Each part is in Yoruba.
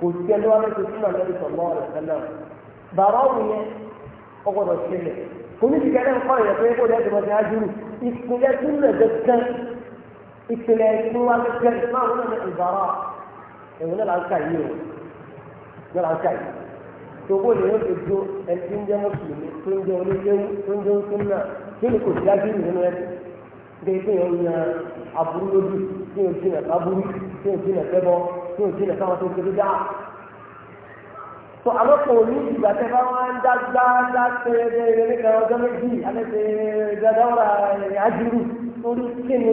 kò sí ẹni wá lẹ́sẹ̀ sínú àlẹ́ ìsọ̀mọ́ rẹ̀ sẹ́lẹ̀ bàbá òun yẹn ó gbọ́dọ̀ sílẹ̀ oníṣìkẹ́ náà ń kọ́ ìyẹn pé kó lẹ́sẹ̀ mọ́tẹ́ ájúrù ìpínlẹ̀ sílẹ̀ gẹ́gẹ́ ìpínlẹ̀ ìpín wá gẹ́gẹ́ ìsìláàmù náà ní ìbára èwo náà là ń kà yìí o náà là ń kà yìí tòwó ni wọ́n ti do ẹni tí ń jẹ́ mùsùlùmí tó ń jẹ́ oníṣẹ́wó tó ń tí ò jìnà káwọn tó ń tẹ̀lé dáa. tó alọ́pọ̀ òní ìgbà tẹ bá wọn dá gbá dá tẹ̀lé nípa ọjọ́ méjì alẹ́tẹ̀ gbàdáwọ̀rà àjùrù lórí kíni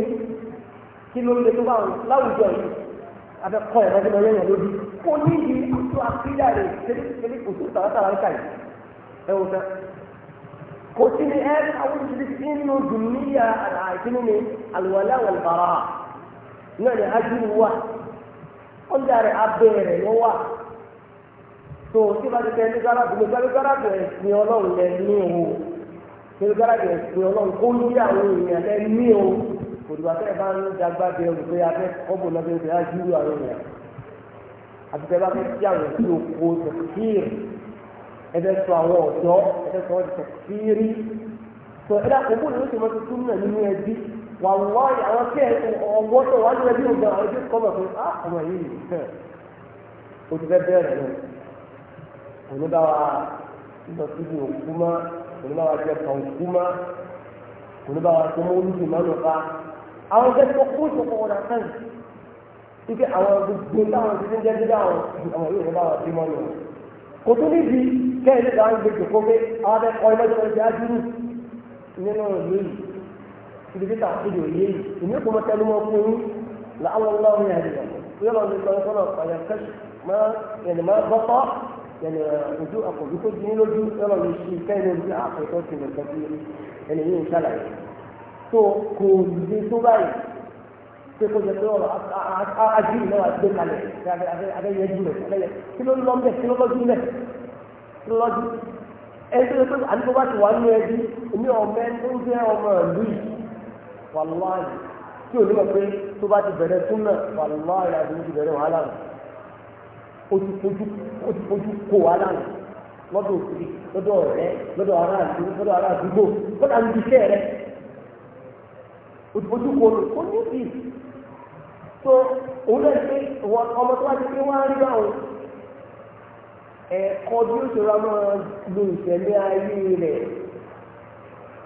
kí ló lè tó bá wọn láwùjọ yìí abẹ́kọ̀ ẹ̀rọ tó lọ yẹn lójú. kò ní ìdí àtúntò bá wọn àkíyà rẹ̀ tẹ́lẹ̀ kò tó tààtàrà ń kà yìí ẹ̀ wò sẹ́ kò sí ní ẹ́ àwọn ìṣẹ̀lẹ̀ nínú dùnmíyà àìsínú ni idi to akiya re tele ko to tawon tawon kayi e náà ni ajú wa ọjà rẹ̀ abẹ́ rẹ̀ ló wà tó tí bá ti tẹ ní gáràbù ní gáràbù ẹ̀sìn ọlọ́run lẹ ní o ní gáràbù ẹ̀sìn ọlọ́run kó ní àwọn èèyàn lẹ ní o òdìbò àtẹ bá ń dàgbà bẹ ẹrù pé abẹ kọ́bù náà bẹ bẹ ajúlù àwọn èèyàn àtẹ̀tẹ̀ bá fẹ́ tí àwọn ìlú oko tẹ̀síìrì ẹ̀fẹ́ sọ àwọn ọ̀dọ́ ẹ̀fẹ́ sọ wọn tẹ̀síìrì tó ẹ̀dá kò bó ni ó ti mọ wàlúwàyí àwọn tí ọwọ́ tó wà nílẹ̀ bí o gbà àwọn tí kọ́mọ̀ fún ah ọmọ yìí o ti fẹ́ bẹ̀rẹ̀ lọ oníbàwà lọ síbi òkú mọ́ oníbàwà jẹ kàn kú tó mọ́ olùdí mọ́ nípa àwọn jẹ́ tó kó tó kọ́ ọ̀dà kan ike àwọn gbogbo táwọn ti ń jẹ́ dídá àwọn àwọn yóò níbàwà bí mọ́ nù kò tó níbi kẹ́hìn nígbà ń gbé jòkó pé àwọn akẹ́kọ̀ọ́ ilé ibi títà ìdí òye yìí ìní kò mọ tẹnu mọ fún yín là àwọn ọlọ́wọ́ yẹn àdìyẹ fúyẹ́ lọ ní lọ́wọ́ sọ́nà ọ̀yà kẹ́sì máa yẹn máa bọ́tọ́ yẹn ojú àkọ́bí tó dín lójú yẹn lọ ní sí kẹ́yìn ojú àkọ́tọ́ ti lọ tẹ́tí ẹni yìí ń ṣàlàyé tó kò lè tó báyìí pé kó jẹ pé ọ̀rọ̀ ajú ìlú náà gbé kalẹ̀ abẹ́yẹjú rẹ̀ kí ló lọ́ mbẹ́ kí ló lọ́jú mbẹ́ kí ló lọ́jú ẹni tó lè pé àdúgbò bá ti wà nínú ẹbí èmi ọ̀mẹ́ tó ń jẹ́ ọmọ ìlú yìí wàlúwàlú tí òní wọ̀ pé tó bá ti bẹ̀rẹ̀ súnà wàlúwàlú àti mo ti bẹ̀rẹ̀ wàhálà nù ó ti fojú kó wàhálà nù lọ́dọ̀ òkúri lọ́dọ̀ ọ̀rẹ́ lọ́dọ̀ aráàlú lọ́dọ̀ aráàdúgbò lọ́dọ̀ àlùbí iṣẹ́ rẹ̀ ojú kò lò ó ní bí so òun náà ṣe ọmọ tó wá ti pé wá rí àwọn ẹ̀kọ́ bí ó ṣe ra máa lo ìṣẹ̀lẹ̀ ayé rẹ̀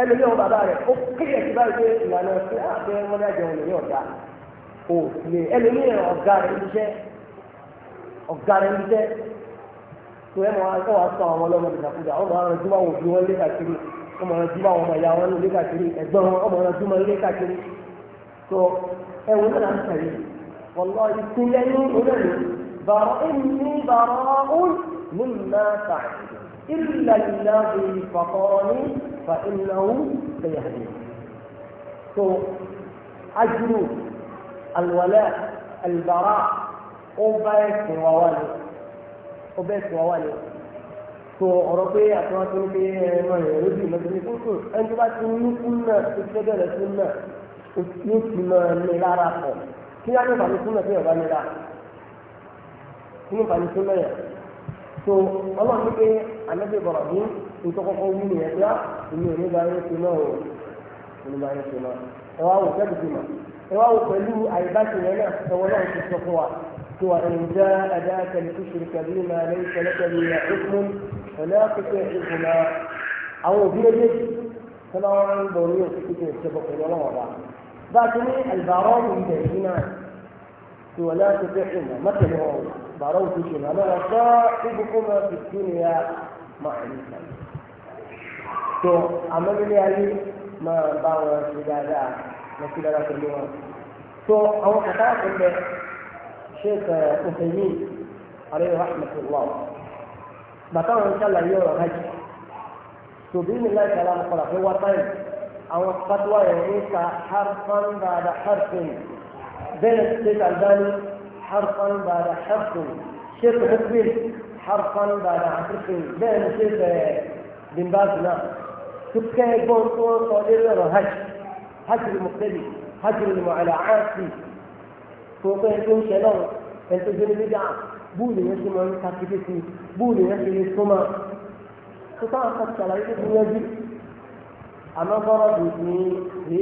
ẹlòmí ọmọ bàbá rẹ̀ ó kéèyàn ti báyìí pé ìlànà ẹ̀sìn àbẹ wọn dájọ ẹlòmí ọ̀gá ò lè ẹlòmí ọ̀gá rẹ̀ ń jẹ́ ọ̀gá rẹ̀ ń jẹ́ tó ẹ̀ máa ẹ̀ wá sọ àwọn ọlọ́mọ ìdàkúdà ọmọ àwọn ọdún máa wò bí wọ́n lé káàkiri ọmọ àwọn ọdún máa wọ́n máa ya wọn lé káàkiri ẹ̀gbọ́n wọn ọmọ àwọn ọdún máa lé káàkiri tó ẹ̀ wọ́n náà ń tẹ̀lé wọ́lọ́ ìpínlẹ̀ ní olóòlù bàrọ̀ ẹ̀mí bàrọ̀ ọ̀hún mímú náà tà ìlànà ìfọ̀kọ́rọ̀ ní فإنه سيهدي. so أجل الولاء البراء أوبيت ووالي أوبيت ووالي so ọ̀rọ̀ pé àtúnwá tó ń pé ẹ̀rọ ìrìn bí ìmọ̀tò ní kókò ẹni tó bá ti ní kúnnà tó ti bẹ̀rẹ̀ kúnnà yóò ti mọ ní lára pọ̀ kí á ní ìfàmì kúnnà tó yọ̀ bá nira kí ní ìfàmì kúnnà yẹn so ọlọ́run ní pé anábìbọ̀rọ̀ ní ìtọ́kọ́kọ́ wúlò yẹn èmi ò ní bá yẹn ṣe náà o èmi bá yẹn ṣe náà ẹ wá wò sẹ́ẹ̀dì sí ma ẹ wá wò pẹ̀lú àyíbáṣe yẹn náà ẹ̀wọ́ náà ti sọ fún wa tó wà ní ìjà ẹ̀dá kẹlẹ́kù ṣe kẹlẹ́ ní alẹ́ kẹlẹ́kẹ́ ní ẹ̀kún ẹ̀lẹ́ àkókò ìgbìmọ̀ àwọn òbí méjèèjì tọ́lá wọn ń bọ̀ ní òkú tó ṣe bọ̀ pẹ̀lú ọlọ́wọ́ wa bá a ti ní àlùbárọ́ ìgbẹ̀ yìí náà tó wà láti fẹ́ ìmọ̀ mọ́tẹ̀lẹ́ wọn bàrọ́ òkú ṣe náà lọ́wọ́ sọ́ọ́ ibùkún náà ti tún ní ya máa ń sàlẹ̀. tó amẹ́lẹ́lé ayé máa bá wọn ṣe dáadáa lọ sí dáadáa pẹ̀lú wọn. tó àwọn kàkà kan bẹ sheikh ọ̀fẹ̀mí eh, alayhi rahmatullah bàtà wọn ṣàlàyé ọ̀rọ̀ hajj tó bí mi láì sàlámù kọ́ra fún wá táyì àwọn fatwa yẹn ń ka harfan bàdà harfin bẹ́ẹ̀ sheikh albani harfan bàdà harfin sheikh hukmin harfan bàdà harfin bẹ́ẹ̀ sheikh eh, bimbaazi náà tó kẹ́ ẹgbọ́n tó wọ́n sọ lórí ọ̀rọ̀ hajj hajj lè mọ̀tẹ́lì hajj lè mọ̀ àlà áàtì tó fẹ́ tó ń ṣẹlẹ̀ ẹni tó gbéni nígbà búù ni wọ́n ti mọ̀ ń ta kété sí búù ni wọ́n ti lè súnmọ́ tó táwọn kan ṣàlàyé tó ti yanjú àmọ́ bọ́rọ̀ bù ní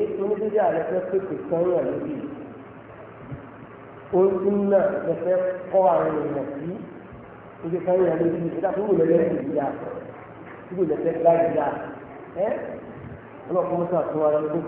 èyí tó ní bíbí àlẹ́ fẹ́ pèpè sọ́yìn àlejò ó ń tún náà lẹ́fẹ́ kọ́ àwọn èèyàn sí ibi sọ́yìn àlejò ìdá tó wù lẹ́yìn ìdí àpọ̀ tí kò lẹ́sẹ̀ gbá ìdá ẹ́ ọlọ́pàá mọ́tò àtúnwá ló